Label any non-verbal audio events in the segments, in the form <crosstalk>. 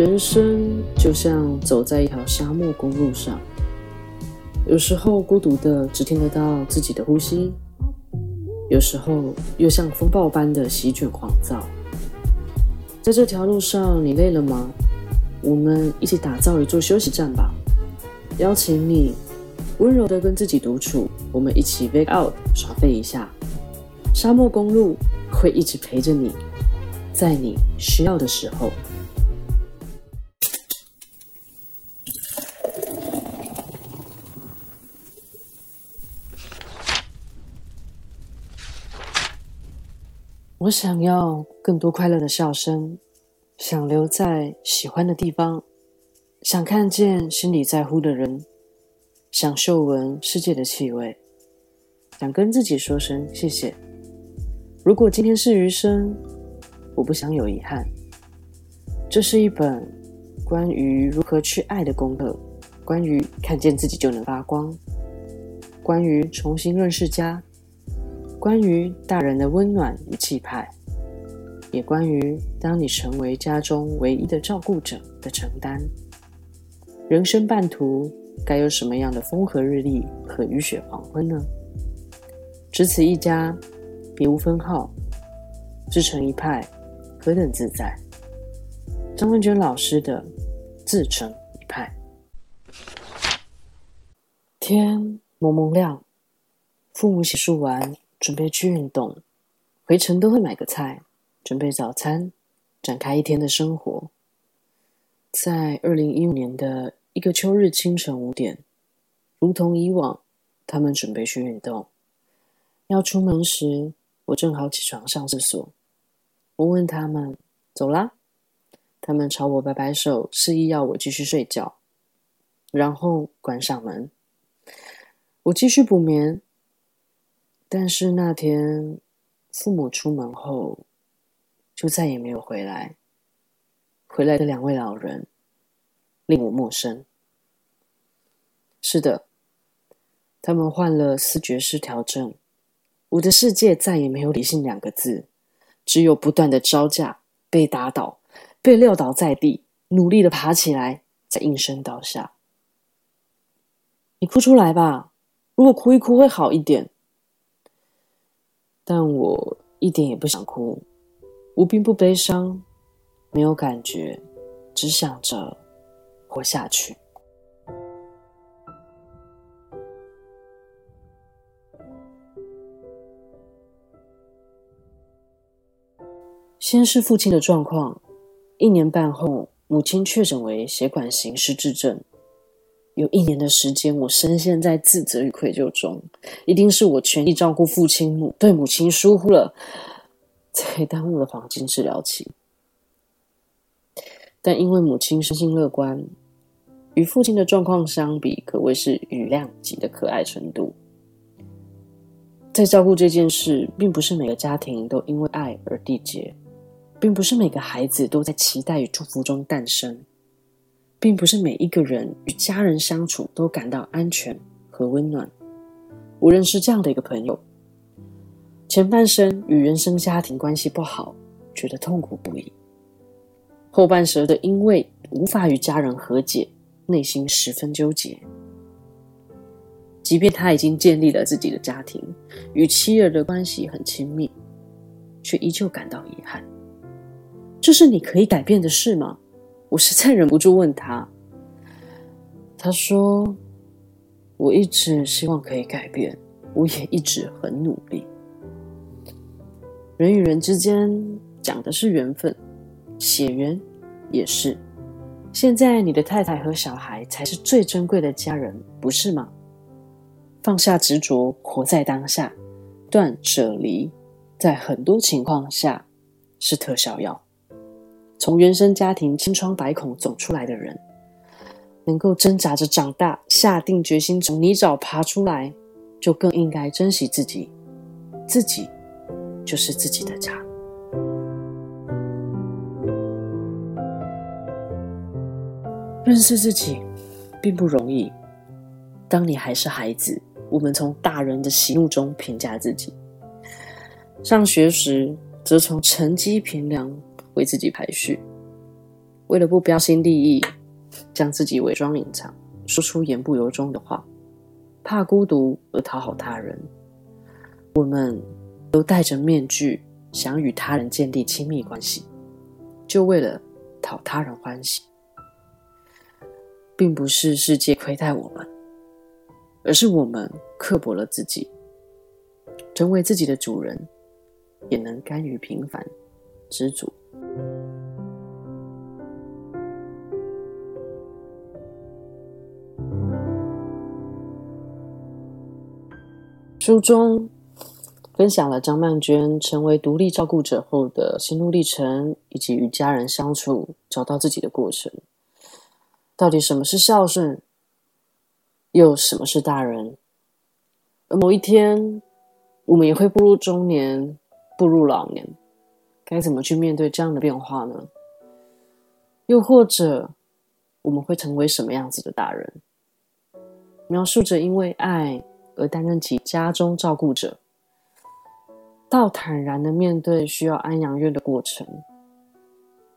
人生就像走在一條沙漠公路上，有時候孤獨的只聽得到自己的呼吸，有時候又像風暴般的席捲狂躁。在這條路上，你累了嗎？我們一起打造一座休息站吧，邀請你溫柔的跟自己獨處，我們一起 veg out 耍廢一下。沙漠公路會一直陪着你，在你需要的時候。我想要更多快樂的笑聲，想留在喜歡的地方，想看見心裡在乎的人，想嗅聞世界的氣味，想跟自己說聲謝謝。如果今天是餘生，我不想有遺憾。這是一本關於如何去愛的功課，關於看見自己就能發光，關於重新認識家。關於大人的溫暖與氣派，也關於當你成為家中唯一的照顧者的承擔。人生半途該有什麼樣的風和日麗和雨雪黃昏呢？只此一家，別無分號。自成一派，何等自在！張曼娟老師的《自成一派》。天蒙蒙亮，父母洗漱完。準備去運動，回程都會買個菜，準備早餐，展開一天的生活。在二零一五年的一個秋日清晨五點，如同以往，他們準備去運動。要出門時，我正好起床上廁所。我問他們走啦，他們朝我擺擺手，示意要我繼續睡覺，然後關上門。我繼續補眠。但是那天，父母出門後，就再也沒有回來。回來的兩位老人，令我陌生。是的，他們患了思覺失調症，我的世界再也沒有“理性”兩個字，只有不斷的招架、被打倒、被撂倒在地，努力的爬起來，再應聲倒下。你哭出來吧，如果哭一哭會好一點。但我一點也不想哭，我並不悲傷，沒有感覺，只想着活下去。先是父親的狀況，一年半後，母親確診為血管型失智症。有一年的時間，我深陷在自責與愧疚中。一定是我全力照顧父親母，母對母親疏忽了，才耽誤了黃金治療期。但因為母親生性樂觀，與父親的狀況相比，可謂是羽量級的可愛程度。在照顧這件事，並不是每個家庭都因為愛而締結，並不是每個孩子都在期待與祝福中誕生。並不是每一個人與家人相處都感到安全和溫暖。我認識這樣的一個朋友，前半生與原生家庭關係不好，覺得痛苦不已；後半生的因為無法與家人和解，內心十分糾結。即便他已經建立了自己的家庭，與妻兒的關係很親密，卻依舊感到遺憾。這是你可以改變的事嗎？我實在忍不住問他，他說：“我一直希望可以改變，我也一直很努力。人與人之間講的是緣分，血緣也是。現在你的太太和小孩才是最珍貴的家人，不是嗎？”放下執着，活在當下，斷捨離，在很多情況下是特效藥。從原生家庭千瘡百孔走出來的人，能夠掙扎着長大，下定決心從泥沼爬，爬出來，就更應該珍惜自己。自己就是自己的家。認識自己並不容易。當你還是孩子，我們從大人的喜怒中評價自己；上學時，則從成績評量。為自己排序，為了不標新立異，將自己偽裝隱藏，說出言不由衷的話，怕孤獨而討好他人，我們都戴着面具，想與他人建立親密關係，就為了討他人歡喜，並不是世界虧待我們，而是我們刻薄了自己。成為自己的主人，也能甘於平凡，知足。書中分享了張曼娟成為獨立照顧者後的心路歷程，以及與家人相處、找到自己的過程。到底什麼是孝順？又什麼是大人？而某一天，我們也會步入中年，步入老年，該怎麼去面對這樣的變化呢？又或者，我們會成為什麼樣子的大人？描述着因為愛。而擔任起家中照顧者，到坦然的面對需要安養院的過程，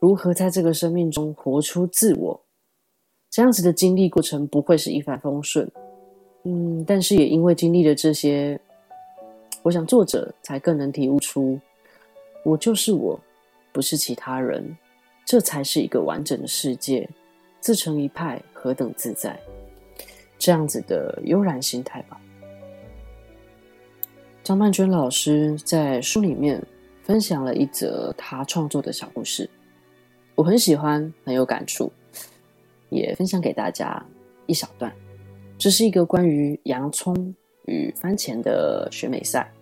如何在這個生命中活出自我？這樣子的經歷過程不會是一帆風順，嗯，但是也因為經歷了這些，我想作者才更能體悟出：我就是我，不是其他人，這才是一個完整的世界，自成一派，何等自在！這樣子的悠然心態吧。張曼娟老師在書裡面分享了一則她創作的小故事，我很喜歡，很有感觸，也分享給大家一小段。這是一個關於洋蔥與番茄的選美賽，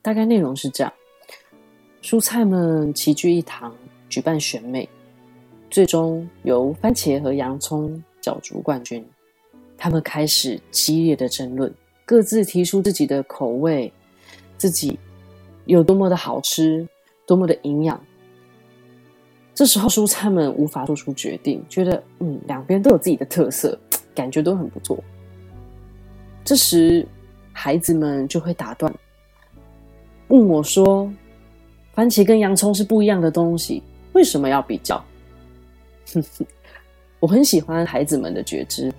大概內容是這樣：蔬菜們齊聚一堂舉辦選美，最終由番茄和洋蔥角逐冠軍。他們開始激烈的爭論，各自提出自己的口味。自己有多麼的好吃，多麼的營養。這時候蔬菜們無法做出決定，覺得嗯，兩邊都有自己的特色，感覺都很不錯。這時孩子們就會打斷，問我說：“番茄跟洋蔥是不一樣的東西，為什麼要比較？” <laughs> 我很喜歡孩子們的覺知。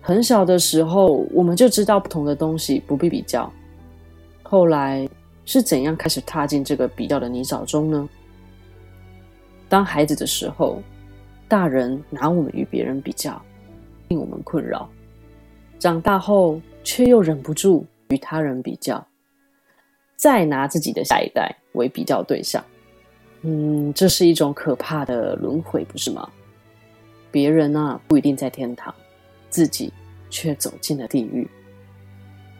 很小的時候，我們就知道不同的東西不必比較。後來是怎樣開始踏進這個比較的泥沼中呢？當孩子的時候，大人拿我們與別人比較，令我們困擾；長大後，卻又忍不住與他人比較，再拿自己的下一代為比較對象。嗯，這是一種可怕的輪迴，不是嗎？別人啊，不一定在天堂，自己卻走進了地獄。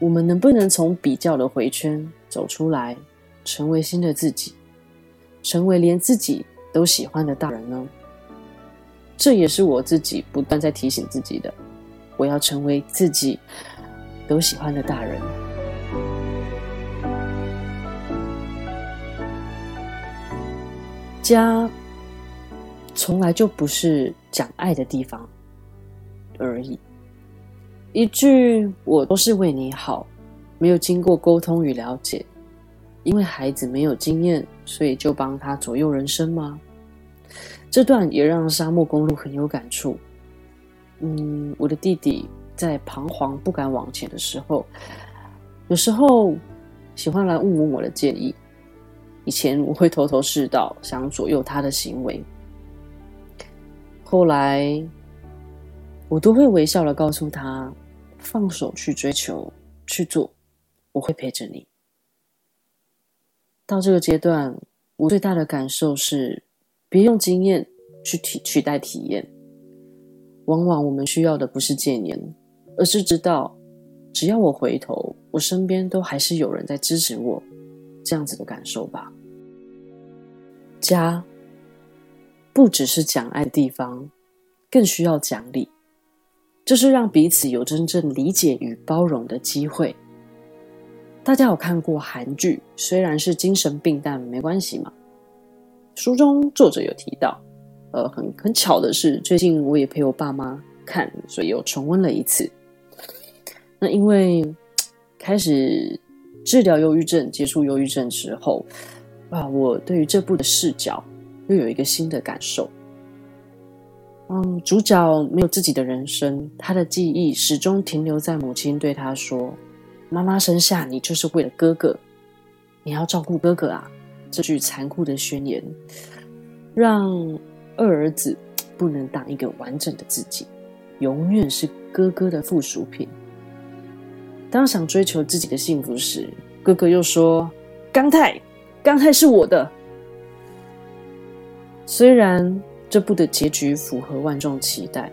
我們能不能從比較的迴圈走出來，成為新的自己，成為連自己都喜歡的大人呢？這也是我自己不斷在提醒自己的，我要成為自己都喜歡的大人。家從來就不是講愛的地方而已。一句我都是為你好，沒有經過溝通與了解，因為孩子沒有經驗，所以就幫他左右人生嗎？這段也讓沙漠公路很有感觸。嗯，我的弟弟在彷徨不敢往前的時候，有時候喜歡來問問我的建議。以前我會頭頭是道，想左右他的行為，後來我都會微笑地告訴他。放手去追求，去做，我會陪着你。到這個階段，我最大的感受是，別用經驗去體取代體驗。往往我們需要的不是經驗，而是知道，只要我回頭，我身邊都還是有人在支持我。這樣子的感受吧。家不只是講愛的地方，更需要講理。這是讓彼此有真正理解與包容的機會。大家有看過韓劇，雖然是精神病，但沒關係嘛。書中作者有提到，呃，很很巧的是，最近我也陪我爸媽看，所以又重溫了一次。那因為開始治療憂鬱症，接觸憂鬱症之後，啊，我對於這部的視角又有一個新的感受。嗯，主角沒有自己的人生，他的記憶始終停留在母親對他說：“媽媽生下你就是為了哥哥，你要照顧哥哥啊。”這句殘酷的宣言，讓二兒子不能當一個完整的自己，永遠是哥哥的附屬品。當想追求自己的幸福時，哥哥又說：“剛太，剛太是我的。”雖然。這部的結局符合萬眾期待，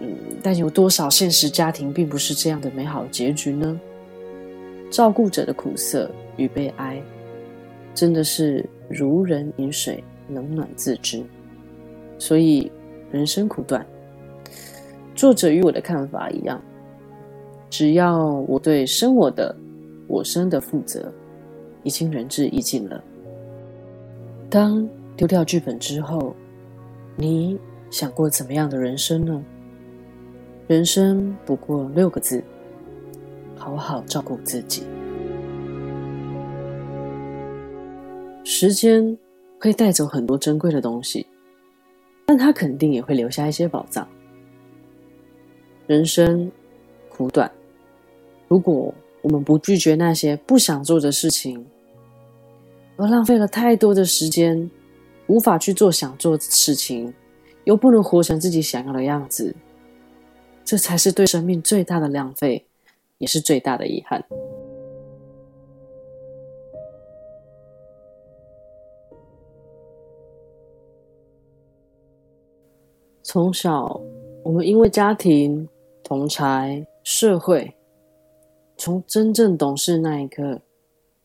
嗯，但有多少現實家庭並不是這樣的美好的結局呢？照顧者的苦澀與悲哀，真的是如人飲水，冷暖自知。所以人生苦短，作者與我的看法一樣，只要我對生我的、我生的負責，已經仁至義盡了。當丟掉劇本之後。你想過怎麼樣的人生呢？人生不過六個字：好好照顧自己。時間會帶走很多珍貴的東西，但它肯定也會留下一些寶藏。人生苦短，如果我們不拒絕那些不想做的事情，而浪費了太多的時間。無法去做想做的事情，又不能活成自己想要的樣子，這才是對生命最大的浪費，也是最大的遺憾。從小，我們因為家庭、同儕、社會，從真正懂事那一刻，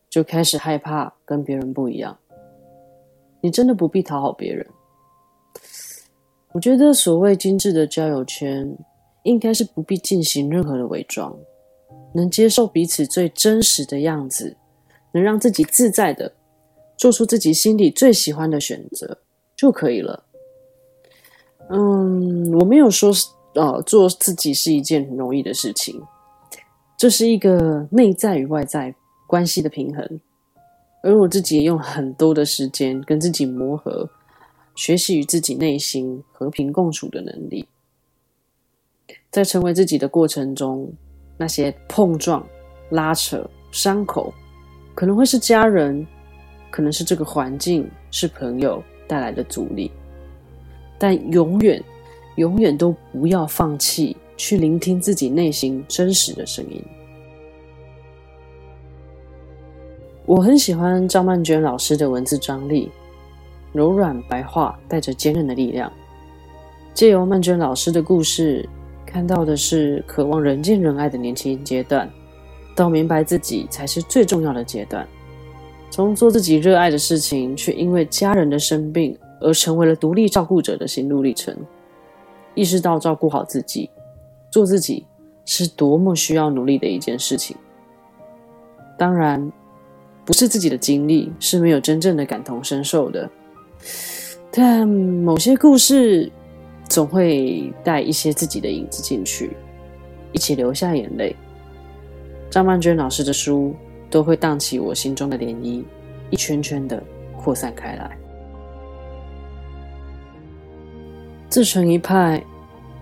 就開始害怕跟別人不一樣。你真的不必討好別人。我覺得所謂精致的交友圈，應該是不必進行任何的偽裝，能接受彼此最真實的樣子，能讓自己自在地做出自己心裡最喜歡的選擇就可以了。嗯，我沒有說呃做自己是一件很容易的事情，這、就是一個內在與外在關係的平衡。而我自己也用很多的時間跟自己磨合，學習與自己內心和平共處的能力。在成為自己的過程中，那些碰撞、拉扯、傷口，可能會是家人，可能是這個環境，是朋友帶來的阻力。但永遠、永遠都不要放棄去聆聽自己內心真實的聲音。我很喜歡張曼娟老師的文字張力，柔軟白話帶着堅韌的力量。借由曼娟老師的故事，看到的是渴望人見人愛的年輕階段，到明白自己才是最重要的階段。從做自己熱愛的事情，卻因為家人的生病而成為了獨立照顧者的心路歷程，意識到照顧好自己、做自己是多麼需要努力的一件事情。當然。不是自己的經歷是沒有真正的感同身受的，但某些故事總會帶一些自己的影子進去，一起流下眼淚。張曼娟老師的書都會蕩起我心中的漣漪，一圈圈的擴散開來。自成一派，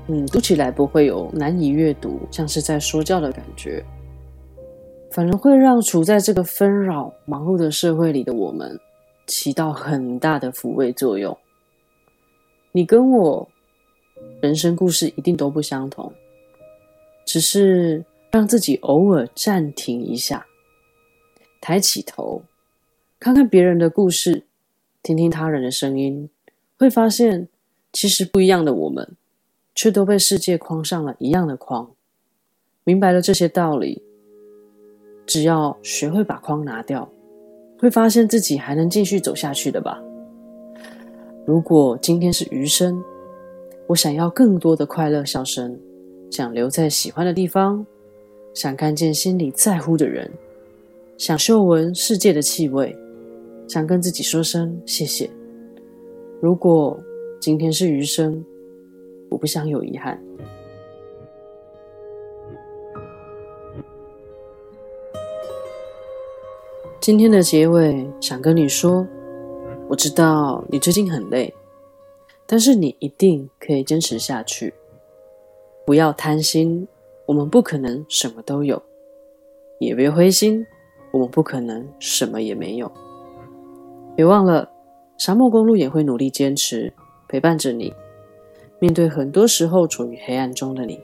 嗯，讀起來不會有難以閱讀，像是在說教的感覺。反而會讓處在這個紛擾忙碌的社會裡的我們，起到很大的撫慰作用。你跟我人生故事一定都不相同，只是讓自己偶爾暫停一下，抬起頭，看看別人的故事，聽聽他人的聲音，會發現其實不一樣的我們，卻都被世界框上了一樣的框。明白了這些道理。只要學會把框拿掉，會發現自己還能繼續走下去的吧。如果今天是餘生，我想要更多的快樂笑聲，想留在喜歡的地方，想看見心裡在乎的人，想嗅聞世界的氣味，想跟自己說聲謝謝。如果今天是餘生，我不想有遺憾。今天的結尾想跟你說，我知道你最近很累，但是你一定可以堅持下去。不要貪心，我們不可能什麼都有；也別灰心，我們不可能什麼也沒有。別忘了，沙漠公路也會努力堅持陪伴着你。面對很多時候處於黑暗中的你，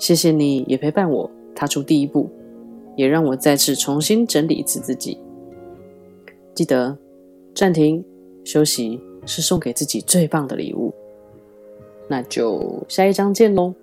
謝謝你也陪伴我踏出第一步。也讓我再次重新整理一次自己。記得暫停休息是送給自己最棒的禮物。那就下一章見嘍。